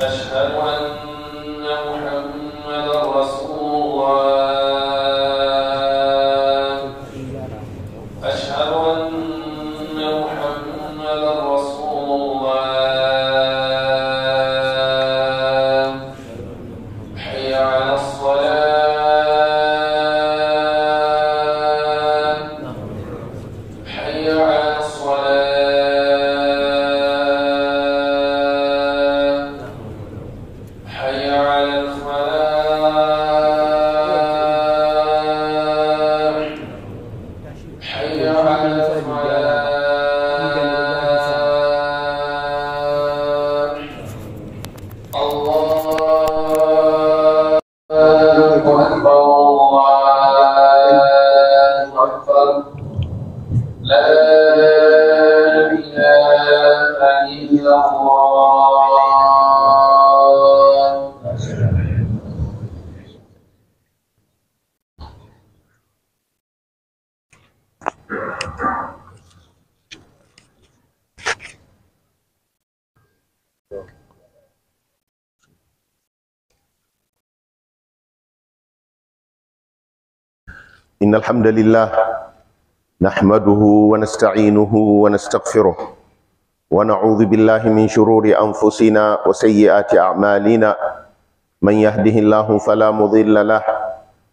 أشهد أن محمد رسول الله إن الحمد لله نحمده ونستعينه ونستغفره ونعوذ بالله من شرور أنفسنا وسيئات أعمالنا من يهده الله فلا مضل له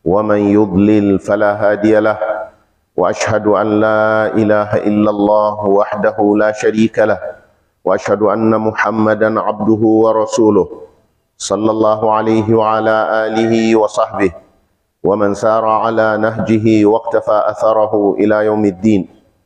ومن يضلل فلا هادي له وأشهد أن لا إله إلا الله وحده لا شريك له وأشهد أن محمدا عبده ورسوله صلى الله عليه وعلى آله وصحبه ومن سار على نهجه واقتفى أثره إلى يوم الدين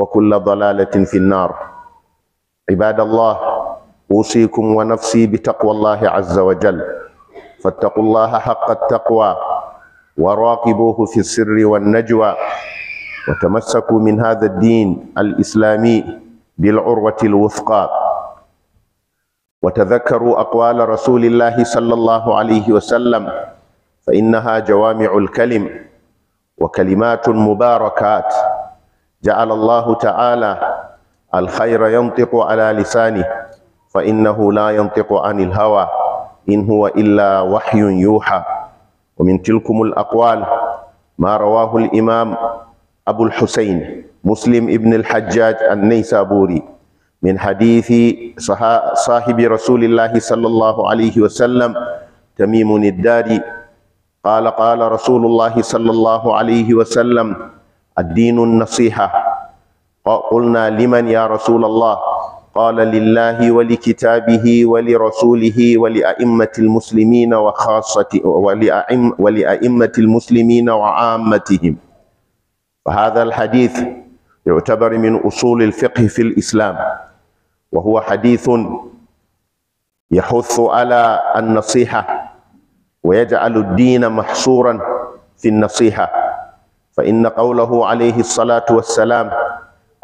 وكل ضلالة في النار عباد الله أوصيكم ونفسي بتقوى الله عز وجل فاتقوا الله حق التقوى وراقبوه في السر والنجوى وتمسكوا من هذا الدين الإسلامي بالعروة الوثقى وتذكروا أقوال رسول الله صلى الله عليه وسلم فإنها جوامع الكلم وكلمات مباركات جعل الله تعالى الخير ينطق على لسانه فإنه لا ينطق عن الهوى إن هو إلا وحي يوحى ومن تلكم الأقوال ما رواه الإمام أبو الحسين مسلم ابن الحجاج النيسابوري من حديث صاحب رسول الله صلى الله عليه وسلم تميم الداري قال قال رسول الله صلى الله عليه وسلم الدين النصيحة قلنا لمن يا رسول الله قال لله ولكتابه ولرسوله ولأئمة المسلمين وخاصة ولأئم ولأئمة المسلمين وعامتهم فهذا الحديث يعتبر من أصول الفقه في الإسلام وهو حديث يحث على النصيحة ويجعل الدين محصورا في النصيحة فإن قوله عليه الصلاة والسلام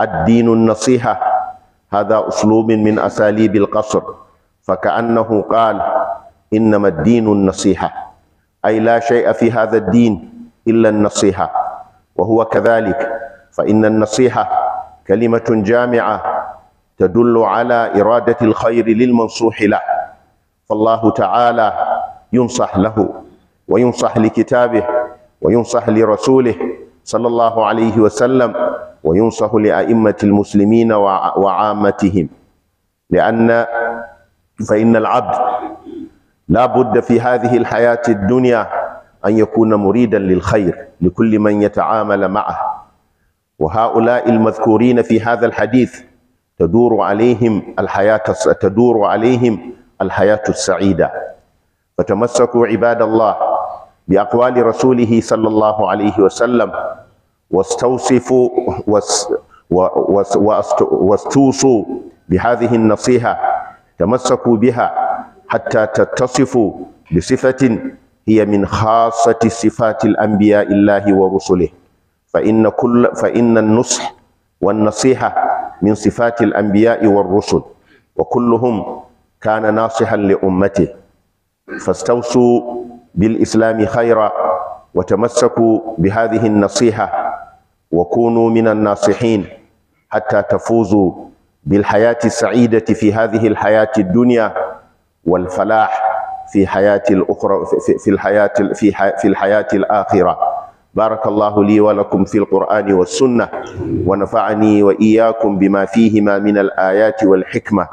الدين النصيحة هذا أسلوب من أساليب القصر فكأنه قال إنما الدين النصيحة أي لا شيء في هذا الدين إلا النصيحة وهو كذلك فإن النصيحة كلمة جامعة تدل على إرادة الخير للمنصوح له فالله تعالى ينصح له وينصح لكتابه وينصح لرسوله صلى الله عليه وسلم وينصح لأئمة المسلمين وعامتهم لأن فإن العبد لا بد في هذه الحياة الدنيا أن يكون مريدا للخير لكل من يتعامل معه وهؤلاء المذكورين في هذا الحديث تدور عليهم الحياة تدور عليهم الحياة السعيدة فتمسكوا عباد الله بأقوال رسوله صلى الله عليه وسلم واستوصفوا واستوصوا بهذه النصيحة تمسكوا بها حتى تتصفوا بصفة هي من خاصة صفات الأنبياء الله ورسله فإن كل فإن النصح والنصيحة من صفات الأنبياء والرسل وكلهم كان ناصحا لأمته فاستوصوا بالإسلام خيرا وتمسكوا بهذه النصيحة وكونوا من الناصحين حتى تفوزوا بالحياة السعيدة في هذه الحياة الدنيا والفلاح في حياة الأخرى في الحياة في في الحياة الآخرة بارك الله لي ولكم في القرآن والسنة ونفعني وإياكم بما فيهما من الآيات والحكمة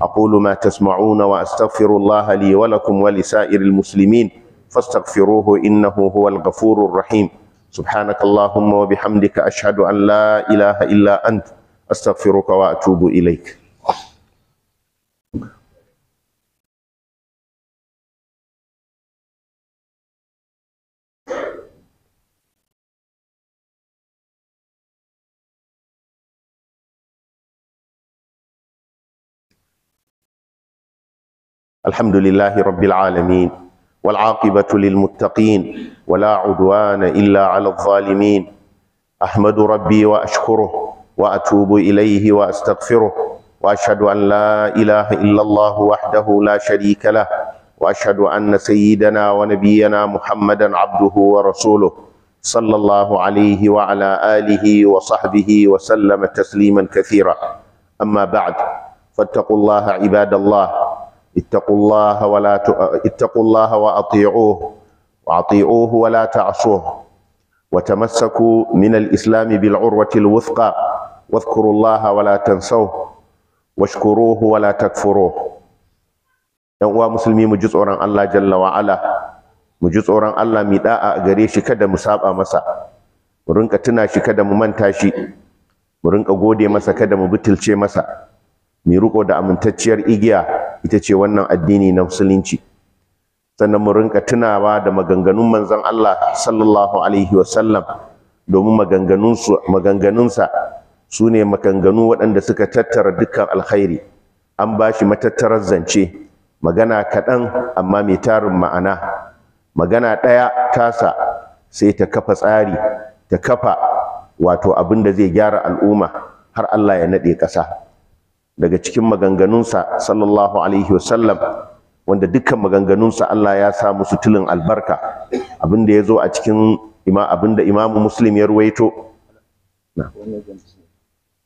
أقول ما تسمعون وأستغفر الله لي ولكم ولسائر المسلمين فاستغفروه إنه هو الغفور الرحيم سبحانك اللهم وبحمدك أشهد أن لا إله إلا أنت أستغفرك وأتوب إليك الحمد لله رب العالمين والعاقبة للمتقين ولا عدوان إلا على الظالمين أحمد ربي وأشكره وأتوب إليه وأستغفره وأشهد أن لا إله إلا الله وحده لا شريك له وأشهد أن سيدنا ونبينا محمدا عبده ورسوله صلى الله عليه وعلى آله وصحبه وسلم تسليما كثيرا أما بعد فاتقوا الله عباد الله اتقوا الله ولا ت... اتقوا الله واطيعوه واطيعوه ولا تعصوه وتمسكوا من الاسلام بالعروه الوثقى واذكروا الله ولا تنسوه واشكروه ولا تكفروه uwa musulmi mu ji tsoron Allah jalla wa mu ji tsoron Allah mi da'a gare shi kada mu saba masa mu rinka tuna shi kada mu manta shi mu rinka gode masa kada mu butulce masa mu riko da amintacciyar igiya ita ce wannan addini na musulunci sannan mu rinka tunawa da maganganun manzon Allah sallallahu alaihi wasallam domin maganganunsa su ne maganganu waɗanda suka tattara dukkan alkhairi an ba shi matattarar zance magana kaɗan amma mai tarin ma'ana magana ɗaya tasa sai ta kafa tsari ta kafa wato abin da zai gyara al'umma har Allah ya naɗe ƙasa daga cikin maganganunsa sallallahu alaihi wasallam wanda dukkan maganganunsa Allah ya sa musu albarka abinda ya zo a cikin abinda imamu muslim ya ruwaito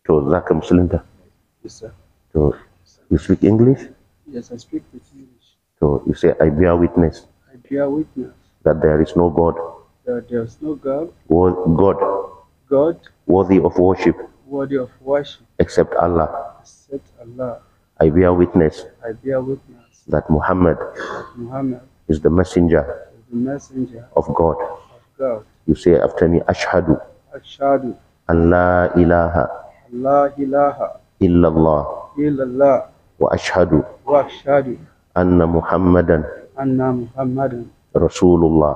to za ka musulunta to you speak english yes i speak english to you say i bear witness i bear witness that there is no god that there is no god god god worthy of worship worthy of worship except allah I bear witness, that Muhammad, is the messenger, of God. of God. You say after me, Ashhadu, Ashhadu ilaha, illallah, wa ashhadu, anna Muhammadan, anna Rasulullah.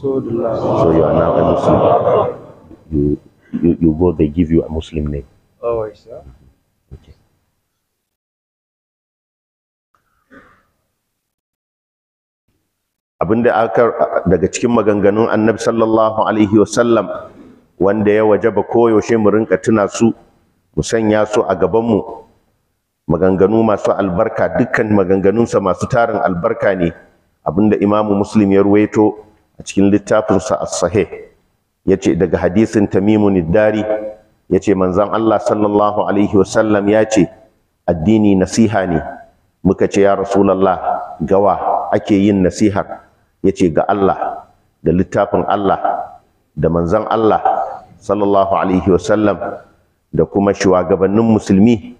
So you are now a Muslim. You, you, you go, they give you a Muslim name. Oh, I see. abinda aka daga cikin maganganun annabi sallallahu alaihi wasallam wanda ya wajaba koyaushe mu rinka tuna su mu sanya su a gabanmu maganganu masu albarka dukkan maganganunsa masu tarin albarka ne abinda imamu muslim ya ruwaito a cikin littafinsa as-sahih yace daga hadisin tamimun iddari yace manzon Allah sallallahu alaihi wasallam yace addini nasiha ne muka ce ya rasulullah gawa ake yin nasihar ya ce ga Allah da littafin Allah da manzan Allah sallallahu alaihi wasallam da kuma shugabannin musulmi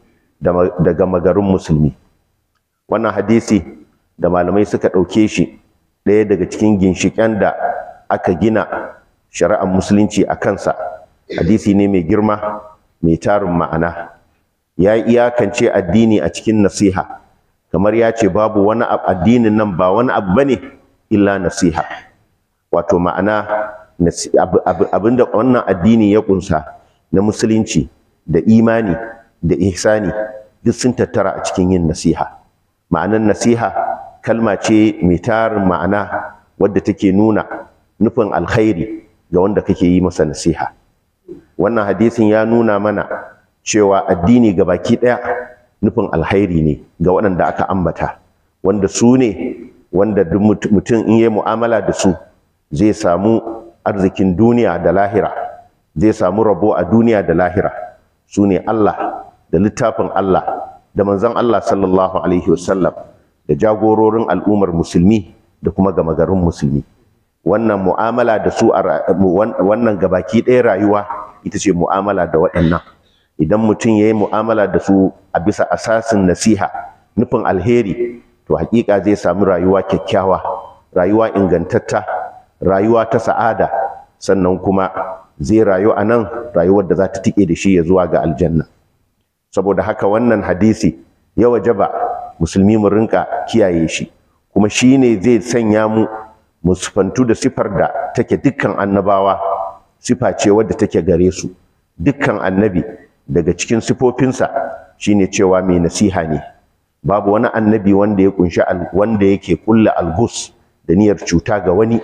daga magarin musulmi wannan hadisi da malamai suka ɗauke shi ɗaya daga cikin ginshiƙen da aka gina shari'ar musulunci a kansa hadisi ne mai girma mai tarin ma'ana ya yi iyakance addini a cikin nasiha kamar ya ce babu wani addinin nan ba wani abu bane illa nasiha wato ma'ana abinda wannan addini ya kunsa na musulunci da imani da ihsani duk sun tattara a cikin yin nasiha ma'anar nasiha kalma ce mai tarin ma'ana wadda take nuna nufin alkhairi ga wanda kake yi masa nasiha wannan hadisin ya nuna mana cewa addini ga baki ɗaya nufin alkhairi ne ga waɗanda aka ambata wanda su ne wanda duk mutum in yi mu'amala da su zai samu arzikin duniya da lahira zai samu rabo a duniya da lahira su ne Allah da littafin Allah da manzon Allah sallallahu alaihi wasallam da jagororin al'ummar musulmi da kuma gama garin musulmi wannan mu'amala da su wannan gabaki ɗaya rayuwa ita ce mu'amala da waɗannan idan mutum ya yi mu'amala da su a bisa asasin nasiha nufin alheri to hakika zai samu rayuwa kyakkyawa rayuwa ingantatta rayuwa ta sa'ada sannan kuma zai rayu a nan rayuwar da za ta tike da shi ya zuwa ga aljanna saboda haka wannan hadisi ya wajaba musulmi mu rinka kiyaye shi kuma shi ne zai sanya mu mu da sifar da take dukkan annabawa sifa ce wadda take gare su dukkan annabi daga cikin sifofinsa shine cewa mai nasiha ne babu wani annabi wanda ya kunshi wanda yake kulla algus da niyyar cuta ga wani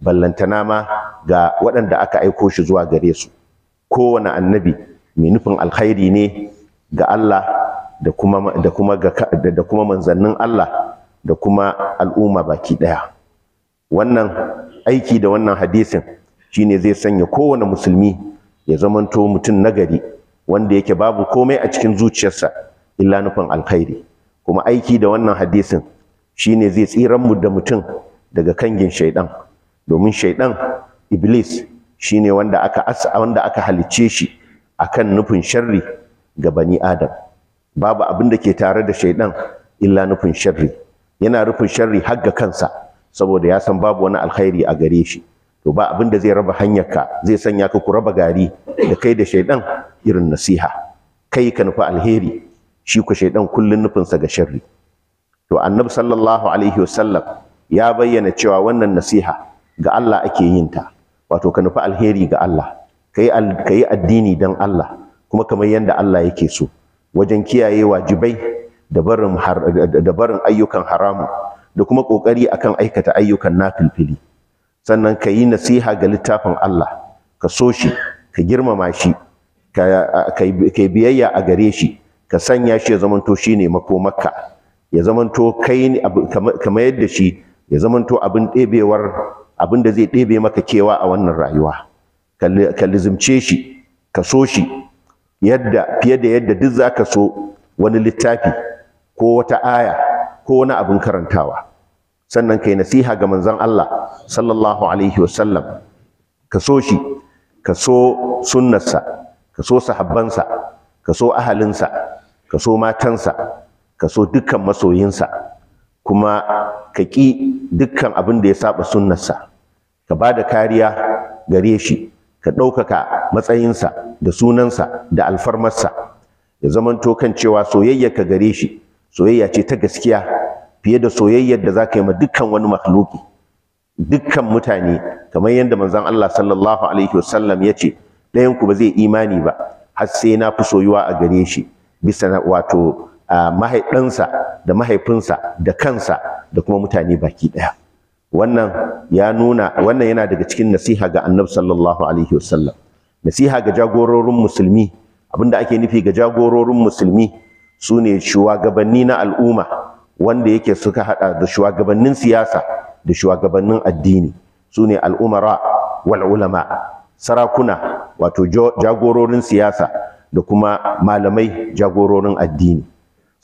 ballantana ma ga waɗanda aka aiko shi zuwa gare su kowane annabi mai nufin alkhairi ne ga Allah da kuma da kuma ga da kuma manzannin Allah da kuma al'umma baki daya wannan aiki da wannan hadisin shine zai sanya kowane musulmi ya zamanto mutum nagari wanda yake babu komai a cikin zuciyarsa illa nufin alkhairi kuma aiki da wannan hadisin shine zai tsiran mu da mutum daga kangin shaidan domin shaidan iblis shine wanda aka wanda aka halicce shi akan nufin sharri ga bani adam babu abin da ke tare da shaidan illa nufin sharri yana rufin sharri har ga kansa saboda ya san babu wani alkhairi a gare shi to ba abin da zai raba hanyarka zai sanya ka ku raba gari da kai da shaidan irin nasiha kai ka nufi alheri shi ku shaidan kullun nufinsa ga sharri to annabi sallallahu alaihi wasallam ya bayyana cewa wannan nasiha ga Allah ake yin ta wato ka nufi alheri ga Allah kai kai addini dan Allah kuma kamar yadda Allah yake so wajen kiyaye wajibai da barin ayyukan haramu da kuma kokari akan aikata ayyukan nafilfili sannan ka yi nasiha ga littafin Allah ka so shi ka girmama shi ka biyayya a gare shi ka sanya shi ya zamanto shine makomarka ya zamanto kai kamar yadda shi ya zamanto abin ɗebewar abin da zai ɗebe maka kewa a wannan rayuwa ka lizimce shi ka so shi yadda fiye da yadda duk za ka so wani littafi ko wata aya ko wani abin karantawa sannan kai nasiha ga manzon Allah sallallahu alaihi wasallam ka so shi ka so sunnarsa ka so sahabbansa ka so ahalinsa ka so matansa ka so dukkan masoyinsa kuma ka ƙi dukkan abin da ya saba sunnarsa ka ba da kariya gare shi ka ɗaukaka matsayinsa da sunansa da alfarmarsa ya zamanto kan cewa ka gare shi soyayya ce ta gaskiya fiye da soyayyar da za ka yi ma dukkan wani makhluki dukkan mutane kamar yadda manzon Allah sallallahu alaihi wasallam ya ce 'ɗayan ku ba zai imani ba har sai na fi soyuwa a gare shi bisa wato mahaifinsa da mahaifinsa da kansa da kuma mutane baki ɗaya wannan ya nuna wannan yana daga cikin nasiha ga annabi sallallahu alaihi wasallam nasiha ga jagororin musulmi abinda ake nufi ga jagororin musulmi sune ne shugabanni na al'umma wanda yake suka hada da shugabannin siyasa da shugabannin addini sune ne al'umara wal ulama sarakuna wato jagororin siyasa da kuma malamai jagororin addini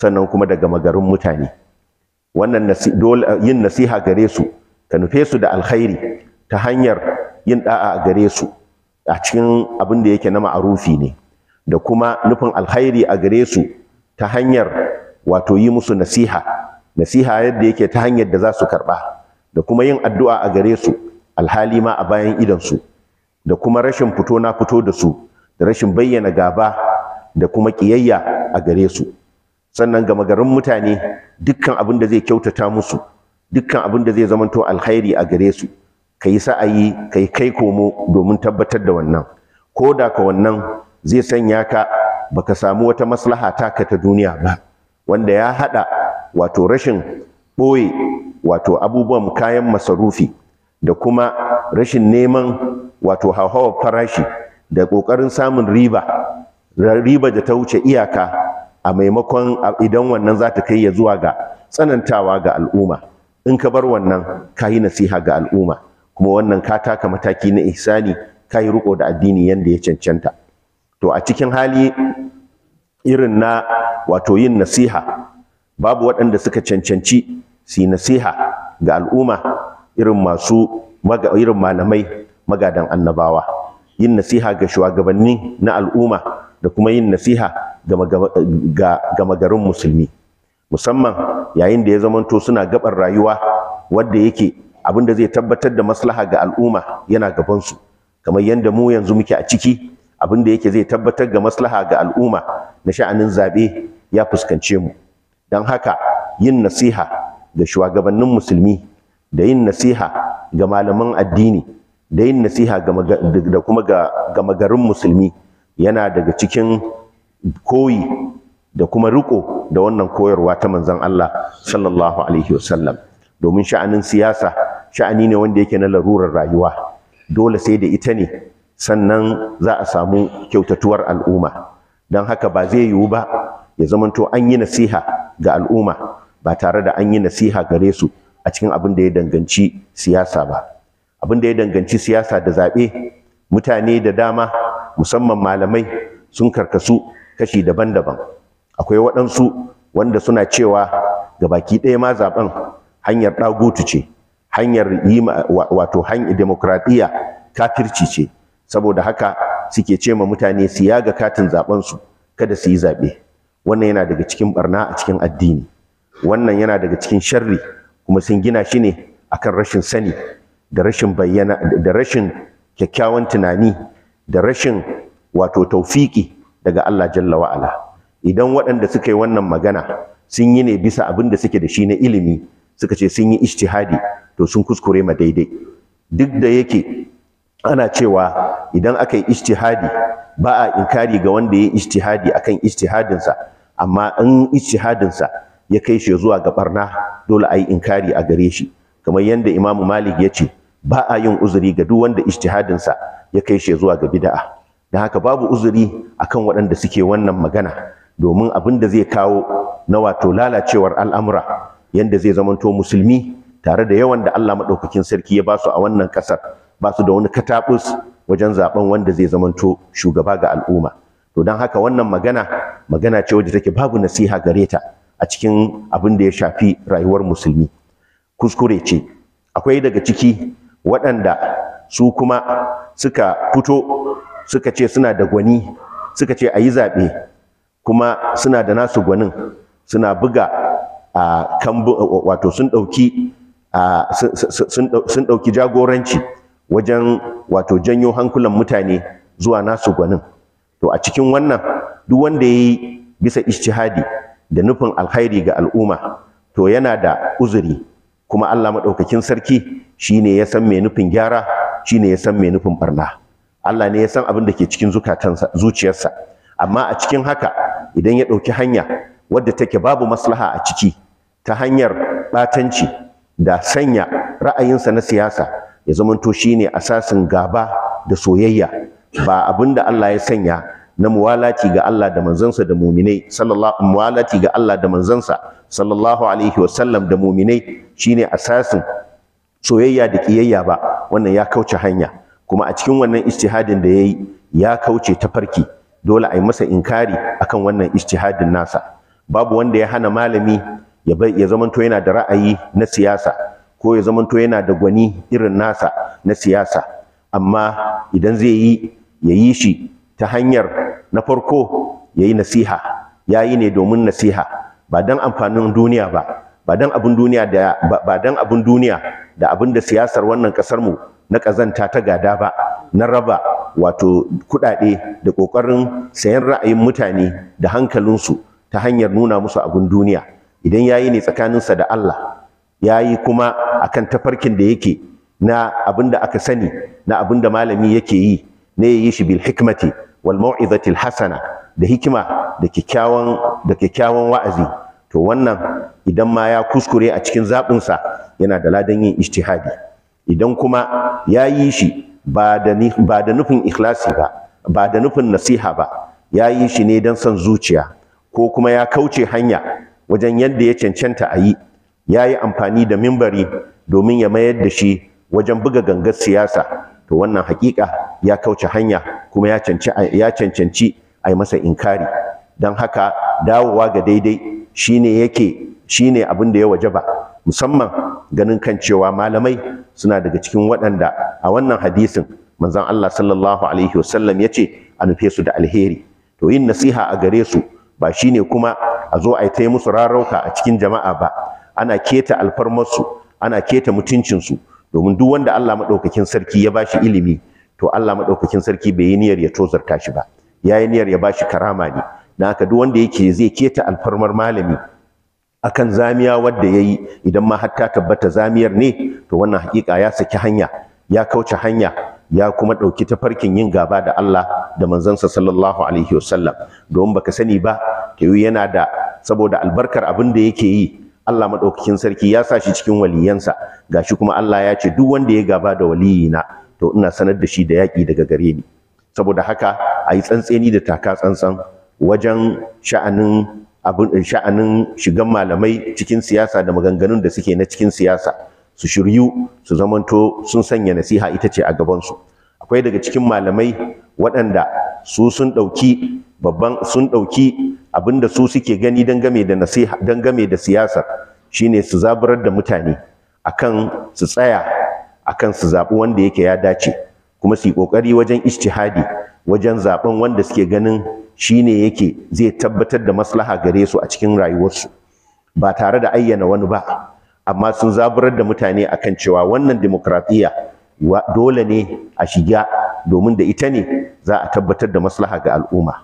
sannan kuma daga magarin mutane wannan yin nasiha gare su ka nufe su da alkhairi ta hanyar yin da'a gare su a cikin abin da yake na ma'arufi ne da kuma nufin alkhairi a gare su ta hanyar wato yi musu nasiha nasiha yadda yake ta hanyar da za su karba. da kuma yin addu'a a gare su alhali ma a bayan su. da kuma rashin fito na fito da su da rashin bayyana gaba da kuma ƙiyayya a gare su sannan gama garin mutane dukkan abin da zai kyautata musu dukkan abin da zai zamanto alkhairi a gare su ka yi sa'ayi ka yi kai komo domin tabbatar da wannan ko da ka wannan zai sanya ka baka samu wata maslaha taka ta duniya ba wanda ya haɗa wato rashin ɓoye wato abubuwan kayan masarufi da kuma rashin neman wato hauhawar farashi da ƙoƙarin samun riba riba da ta wuce iyaka a maimakon idan wannan za ta kai ya zuwa ga tsanantawa ga al'umma in ka bar wannan ka yi nasiha ga al'umma kuma wannan ka taka mataki na ihsani ka yi riko da addini yadda ya cancanta to a cikin hali irin na wato yin nasiha babu waɗanda suka cancanci su nasiha ga al'umma irin masu irin malamai magadan annabawa yin nasiha ga shugabanni na al'umma da kuma yin nasiha ga magarin musulmi musamman yayin da ya zamanto suna gabar rayuwa wadda yake abin da zai tabbatar da maslaha ga al'umma yana gabansu kamar yadda mu yanzu muke a ciki abin da yake zai tabbatar ga maslaha ga al'umma na sha'anin zaɓe ya fuskance mu don haka yin nasiha ga shugabannin musulmi da yin nasiha ga malaman addini da yin nasiha da kuma ga magarin musulmi yana daga cikin koyi da kuma riko da wannan koyarwa ta manzan Allah sallallahu alaihi wasallam domin sha'anin siyasa sha'ani ne wanda yake na larurar rayuwa dole sai da ita ne sannan za a samu kyautatuwar al'umma don haka ba zai yiwu ba ya zamanto an yi nasiha ga al'umma ba tare da an yi nasiha gare su a cikin abin da ya danganci siyasa ba abin da ya danganci siyasa da zaɓe mutane da dama musamman malamai sun karkasu kashi daban-daban akwai waɗansu wanda suna cewa ga baki ɗaya ma zaɓen hanyar ɗagutu ce hanyar yi wato hanyar demokradiyya kafirci ce saboda haka suke ce ma mutane su ga katin zaɓensu kada su yi zaɓe wannan yana daga cikin barna a cikin addini wannan yana daga cikin sharri kuma sun gina shi ne akan rashin sani da rashin bayyana da rashin kyakkyawan tunani da rashin wato taufiki daga Allah jalla wa'ala idan waɗanda suka yi wannan magana sun yi ne bisa abin da suke da shi na ilimi suka ce sun yi ijtihadi to sun kuskure ma daidai duk da yake ana cewa idan aka yi ijtihadi ba a inkari ga wanda ya yi ijtihadi akan ijtihadinsa amma in ijtihadinsa ya kai shi zuwa ga barna dole a yi inkari a gare shi kamar yadda imamu malik ya ce ba a yin uzuri ga duk wanda ijtihadinsa ya kai shi zuwa ga bid'a don haka babu uzuri akan waɗanda suke wannan magana domin abin da zai kawo na wato lalacewar al'amura yanda zai zamanto musulmi tare da yawan da Allah madaukakin sarki ya basu a wannan ƙasar basu da wani katabus wajen zaben wanda zai zamanto shugaba ga al'umma to don haka wannan magana magana ce wacce take babu nasiha gare ta a cikin abin da ya shafi rayuwar musulmi kuskure ce akwai daga ciki waɗanda su kuma suka fito suka ce suna da gwani suka ce a yi zaɓe kuma suna da nasu gwanin suna buga a wato sun ɗauki sun ɗauki jagoranci wajen wato janyo hankulan mutane zuwa nasu gwanin to a cikin wannan duk wanda ya yi bisa ijtihadi da nufin alkhairi ga al'umma to yana da uzuri kuma Allah maɗaukakin sarki shine ya san mai nufin gyara shine ya san mai nufin barna Allah ne ya san abin da ke cikin zukatansa zuciyarsa amma a cikin haka idan ya ɗauki hanya wadda take babu maslaha a ciki ta hanyar ɓatanci da sanya ra'ayinsa na siyasa ya zamanto shine asasin gaba da soyayya ba abin da Allah ya sanya na muwalati ga Allah da manzansa da muminai sallallahu muwalati ga Allah da manzansa sallallahu alaihi wasallam da muminai shine asasin soyayya da kiyayya ba wannan ya kauce hanya kuma a cikin wannan istihadin da yayi ya kauce ta farki dole a yi masa inkari akan wannan istihadin nasa babu wanda ya hana malami ya bai ya zamanto yana da ra'ayi na siyasa ko ya zamanto yana da gwani irin nasa na siyasa amma idan zai yi ya yi shi ta hanyar na farko ya yi nasiha ya yi ne domin nasiha ba dan amfanin duniya ba ba dan abin duniya da ba dan abin duniya da abin da siyasar wannan kasar mu na kazanta ta gada ba na raba wato kudade da kokarin sayan ra'ayin mutane da hankalinsu ta hanyar nuna musu abin duniya idan yayi ne tsakaninsa da Allah yayi kuma a kan tafarkin da yake na abin da aka sani na abin da malami yake yi na yayi shi bil hikmati wal mau'izatil hasana da hikima da kyakkyawan da kyakkyawan wa'azi to wannan idan ma ya kuskure a cikin zaɓinsa yana da ladan yin ijtihadi idan kuma ya yi shi ba da ba da nufin ikhlasi ba ba da nufin nasiha ba ya yi shi ne don son zuciya ko kuma ya kauce hanya wajen yadda ya cancanta a yi ya yi amfani da mimbari domin ya mayar da shi wajen buga gangar siyasa to wannan hakika ya kauce hanya kuma ya cancanci ai masa inkari don haka dawowa ga daidai shine yake shine abin da ya wajaba musamman ganin kan cewa malamai suna daga cikin waɗanda a wannan hadisin manzon Allah sallallahu alaihi wasallam yace a nufe su da alheri to yin nasiha a gare su ba shine kuma a zo a yi musu rarauka a cikin jama'a ba ana keta alfarmarsu ana keta mutuncin su domin duk wanda Allah maɗaukakin sarki ya bashi ilimi to Allah maɗaukakin sarki bai yi niyyar ya tozarta shi ba ya yi niyyar ya bashi karama ne na haka duk wanda yake zai keta alfarmar malami akan zamiya wadda yayi idan ma har ta tabbata zamiyar ne to wannan hakika ya saki hanya ya kauce hanya ya kuma ɗauki tafarkin yin gaba da Allah da manzansa sallallahu alaihi wasallam domin baka sani ba tayu yana da saboda albarkar abin da yake yi Allah madaukakin sarki ya sa shi cikin waliyansa gashi kuma Allah ya ce duk wanda ya gaba da waliyina to ina sanar da shi da yaƙi daga gare ni saboda haka a yi tsantseni da taka tsantsan wajen sha'anin abin sha'anin shigan malamai cikin siyasa da maganganun da suke na cikin siyasa su shiryu su zamanto sun sanya nasiha ita ce a gabansu akwai daga cikin malamai waɗanda su sun ɗauki babban sun ɗauki abinda su suke gani dangame da nasiha dangame da siyasa shine su zaburar da mutane akan su tsaya akan su zaɓi wanda yake ya dace kuma su yi ƙoƙari wajen ijtihadi wajen zaɓen wanda suke ganin shi ne yake zai tabbatar da maslaha gare su a cikin rayuwarsu ba tare da ayyana wani ba amma sun zaburar da mutane akan cewa wannan demokradiyya dole ne a shiga domin da ita ne za a tabbatar da maslaha ga al'umma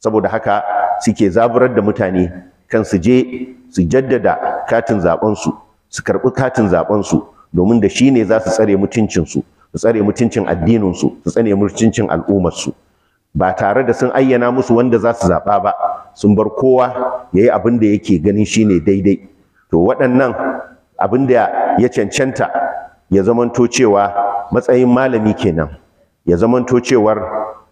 saboda haka suke zaburar da mutane kan su je su jaddada katin zaɓensu su karɓi katin zaɓensu domin da shine ne za su tsare mutuncinsu su tsare mutuncin addininsu su tsare mutuncin al'ummarsu ba tare da sun ayyana musu wanda za su zaɓa ba sun bar kowa ya yi abin da yake ganin shine daidai to waɗannan abin da ya cancanta ya zamanto cewa matsayin malami kenan ya zamanto cewar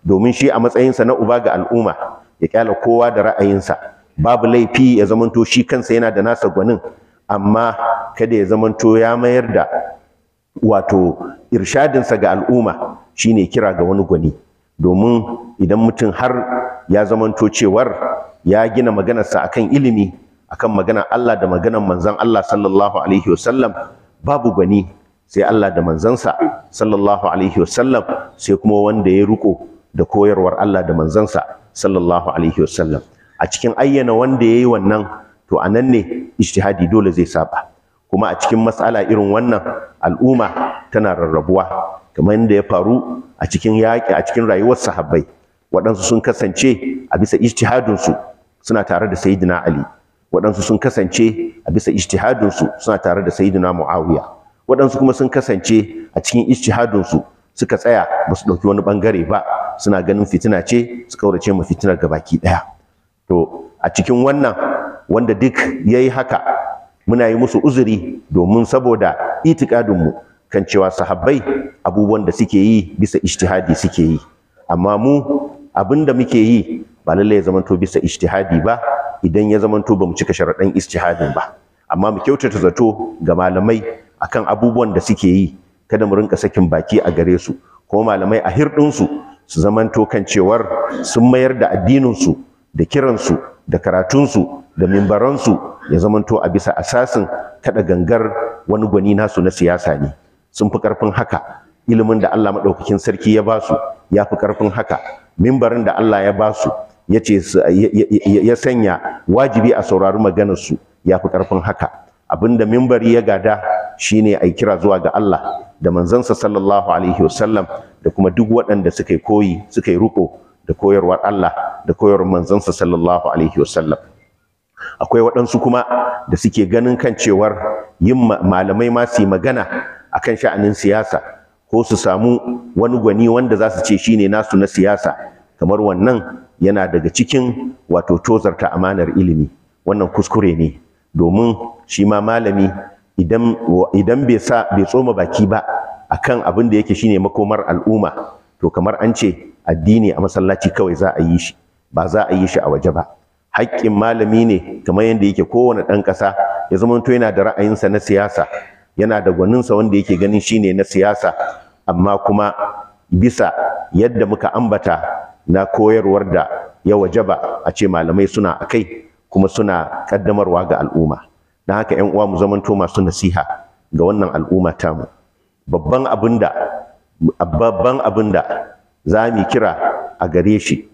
domin shi a matsayinsa na uba ga al'umma ya kyala kowa da ra'ayinsa babu laifi ya zamanto shi kansa yana da nasa gwanin amma kada ya zamanto ya mayar da wato irshadinsa ga al'umma shine kira ga wani gwani domin idan mutum har ya zamanto cewar ya gina maganarsa akan ilimi akan maganar Allah da maganar manzon Allah sallallahu alaihi wasallam babu gwani sai Allah da manzansa sallallahu alaihi wasallam sai kuma wanda ya ruko da koyarwar Allah da manzansa sallallahu alaihi wasallam a cikin ayyana wanda yayi wannan to anan ne ijtihadi dole zai saba kuma a cikin mas'ala irin wannan al'umma tana rarrabuwa kamar yadda ya faru a cikin yaƙi a cikin rayuwar sahabbai waɗansu sun kasance a bisa ijtihadinsu suna tare da sayyidina ali waɗansu sun kasance a bisa ijtihadinsu suna tare da sayyidina muawiya waɗansu kuma sun kasance a cikin ijtihadinsu suka tsaya ba su ɗauki wani ɓangare ba suna ganin fitina ce su kaurace ma fitinar gabaki ɗaya to a cikin wannan wanda duk ya yi haka muna yi musu uzuri domin saboda itikadinmu kan cewa sahabbai abubuwan da suke yi bisa ijtihadi suke yi amma mu abin da muke yi ba lallai ya zamanto bisa ijtihadi ba idan ya zamanto ba mu cika sharaɗan ijtihadin ba amma mu kyautata zato ga malamai akan abubuwan da suke yi kada mu rinka sakin baki a gare su kuma malamai a hirɗinsu su zamanto kan cewar sun mayar da addininsu da kiransu da karatunsu da mimbaransu ya zamanto a bisa asasin kada gangar wani gwani nasu na siyasa ne sun fi karfin haka ilimin da Allah maɗaukakin sarki ya ba su ya fi karfin haka mimbarin da Allah ya ba su ya ya sanya wajibi a saurari maganarsu ya fi karfin haka abinda mimbari ya gada shine ai kira zuwa ga Allah da manzansa sallallahu alaihi wasallam da kuma duk waɗanda suka yi koyi suka yi ruko da koyarwar Allah da koyarwar manzansa sallallahu alaihi wasallam akwai waɗansu kuma da suke ganin kan cewar yin malamai ma su magana akan sha'anin siyasa ko su samu wani gwani wanda za su ce shine nasu na siyasa kamar wannan yana daga cikin wato tozarta amanar ilimi wannan kuskure ne domin shi ma malami idan idan bai sa bai tsoma baki ba akan abin da yake shine makomar al'umma to kamar an ce addini a masallaci kawai za a yi shi ba za a yi shi a waje ba haƙƙin malami ne kamar yadda yake kowane ɗan ƙasa ya zama to yana da ra'ayinsa na siyasa yana da gwaninsa wanda yake ganin shi ne na siyasa amma kuma bisa yadda muka ambata na koyarwar da ya waje ba. a ce malamai suna a kai kuma suna ƙaddamarwa ga al'umma Na haka 'yan uwa mu zamanto masu nasiha ga wannan al'umma tamu babban abin da babban abin da za mu kira a gare shi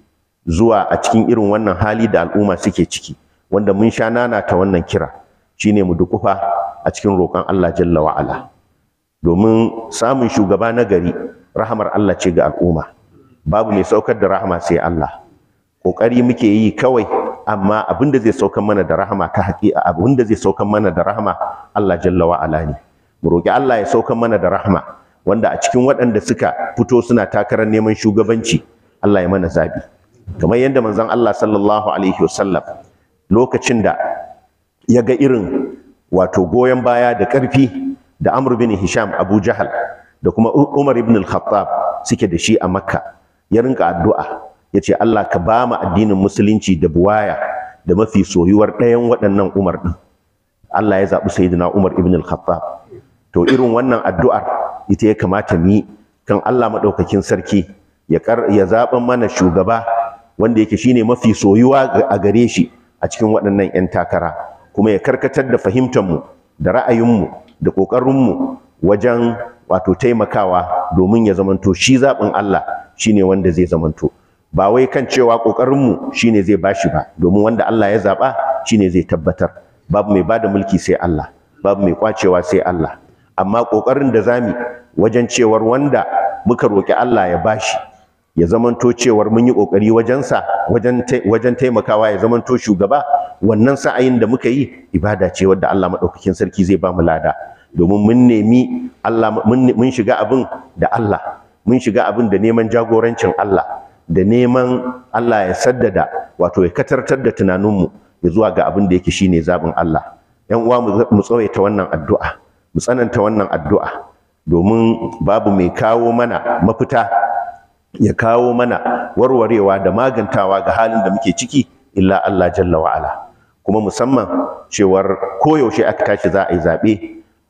zuwa a cikin irin wannan hali da al'umma suke ciki wanda mun sha nana ta wannan kira shine mu dukufa a cikin roƙon Allah jalla wa ala domin samun shugaba na gari rahamar Allah ce ga al'umma babu mai saukar da rahama sai Allah kokari muke yi kawai amma abin da zai saukar mana da rahama ta haƙiƙa abin da zai saukar mana da rahama Allah jalla wa ala ne mu roƙi Allah ya saukar mana da rahama wanda a cikin waɗanda suka fito suna takarar neman shugabanci Allah ya mana zabi kamar yadda manzon Allah sallallahu alaihi wasallam lokacin da ya ga irin wato goyon baya da ƙarfi da Amr bin Hisham Abu Jahal da kuma Umar ibn al-Khattab suke da shi a Makka ya rinka addu'a ya ce Allah ka ba mu addinin musulunci da buwaya da mafi soyuwar ɗayan waɗannan Umar din Allah ya zaɓi Sayyidina Umar ibn al-Khattab to irin wannan addu'ar ita ya kamata mu kan Allah madaukakin sarki ya kar ya zaben mana shugaba wanda yake shine mafi soyuwa a gare shi a cikin waɗannan ƴan takara kuma ya karkatar da fahimtar mu da ra'ayin mu da kokarin mu wajen wato taimakawa domin ya zamanto shi zaɓin Allah shine wanda zai zamanto ba wai kan cewa kokarin mu shine zai bashi ba domin wanda Allah ya zaɓa shine zai tabbatar babu mai bada mulki sai Allah babu mai kwacewa sai Allah amma ƙoƙarin da zamu wajen cewar wanda muka roki Allah ya bashi ya zamanto cewar mun yi ƙoƙari sa wajen taimakawa ya zamanto shugaba wannan sa'ayin da muka yi ibada ce wadda Allah maɗaukakin sarki zai ba mu lada domin mun nemi Allah mun shiga abin da Allah mun shiga abin da neman jagorancin Allah da neman Allah ya saddada wato ya katartar da tunaninmu ya zuwa ga abin da yake shine zabin Allah ‘yan uwa mu tsawaita wannan addu'a mu tsananta wannan addu'a domin babu mai kawo mana mafita ya kawo mana warwarewa da magantawa ga halin da muke ciki illa Allah jalla wa'ala kuma musamman cewar koyaushe aka tashi za a yi zaɓe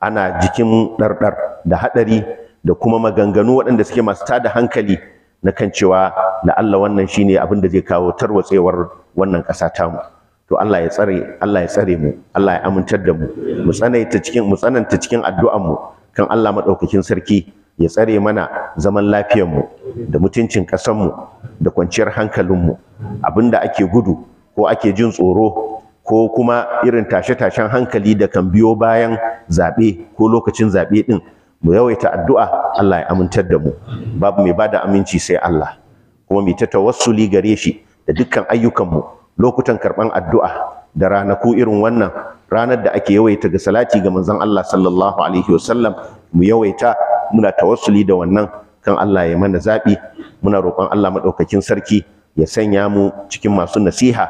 ana jikin ɗarɗar da haɗari da kuma maganganu waɗanda suke masu tada hankali na kan cewa la'alla wannan shine abin da zai kawo tarwatsewar wannan ƙasa tamu to Allah ya tsare Allah ya tsare mu Allah ya amincar da mu mu cikin mu tsananta cikin addu'an mu kan Allah madaukakin sarki ya tsare mana zaman lafiyar mu da mutuncin ƙasar mu da kwanciyar hankalin mu abinda ake gudu ko ake jin tsoro ko kuma irin tashe-tashen hankali da kan biyo bayan zaɓe ko lokacin zaɓe ɗin mu yawaita addu'a Allah ya amintar da mu babu mai bada aminci sai Allah kuma mu ta tawassuli gare shi da dukkan ayyukan mu lokutan karban addu'a da ranaku irin wannan ranar da ake yawaita ga salati ga manzon Allah sallallahu alaihi wasallam mu yawaita muna tawassuli da wannan kan Allah ya mana zaɓi, muna roƙon Allah madaukakin sarki ya sanya mu cikin masu nasiha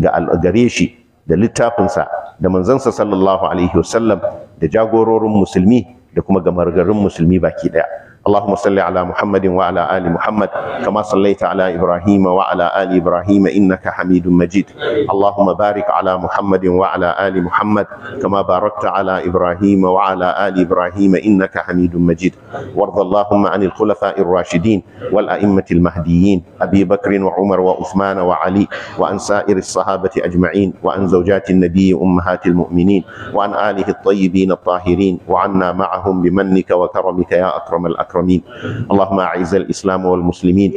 ga gare shi da littafinsa da manzansa sallallahu alaihi wasallam da jagororin musulmi da kuma gamargarin musulmi baki daya اللهم صل على محمد وعلى آل محمد كما صليت على إبراهيم وعلى آل إبراهيم إنك حميد مجيد اللهم بارك على محمد وعلى آل محمد كما باركت على إبراهيم وعلى آل إبراهيم إنك حميد مجيد وارض اللهم عن الخلفاء الراشدين والأئمة المهديين أبي بكر وعمر وعثمان وعلي وعن سائر الصحابة أجمعين وعن زوجات النبي أمهات المؤمنين وعن آله الطيبين الطاهرين وعنا معهم بمنك وكرمك يا أكرم الأكرم الأكرمين اللهم أعز الإسلام والمسلمين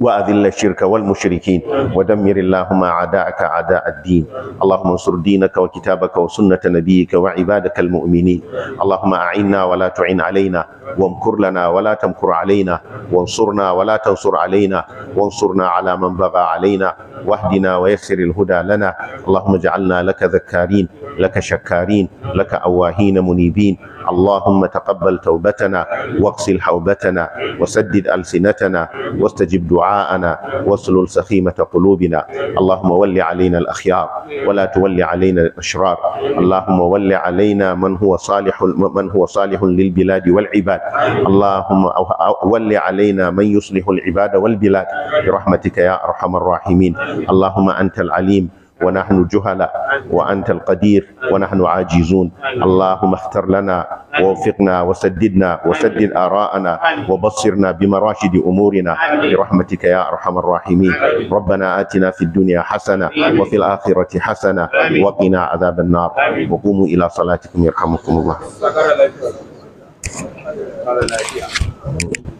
وأذل الشرك والمشركين ودمر اللهم أعداءك أعداء الدين اللهم انصر دينك وكتابك وسنة نبيك وعبادك المؤمنين اللهم أعنا ولا تعن علينا وامكر لنا ولا تمكر علينا وانصرنا ولا تنصر علينا وانصرنا على من بغى علينا واهدنا ويسر الهدى لنا اللهم اجعلنا لك ذكارين لك شكارين لك أواهين منيبين اللهم تقبل توبتنا واغسل حوبتنا وسدد ألسنتنا واستجب دعاءنا دعاءنا واسلل سخيمة قلوبنا اللهم ول علينا الأخيار ولا تولي علينا الأشرار اللهم ول علينا من هو صالح من هو صالح للبلاد والعباد اللهم ول علينا من يصلح العباد والبلاد برحمتك يا أرحم الراحمين اللهم أنت العليم ونحن جهلاء وأنت القدير ونحن عاجزون اللهم اختر لنا ووفقنا وسددنا وسدد آراءنا وبصرنا بمراشد أمورنا برحمتك يا أرحم الراحمين ربنا آتنا في الدنيا حسنة وفي الآخرة حسنة وقنا عذاب النار وقوموا إلى صلاتكم يرحمكم الله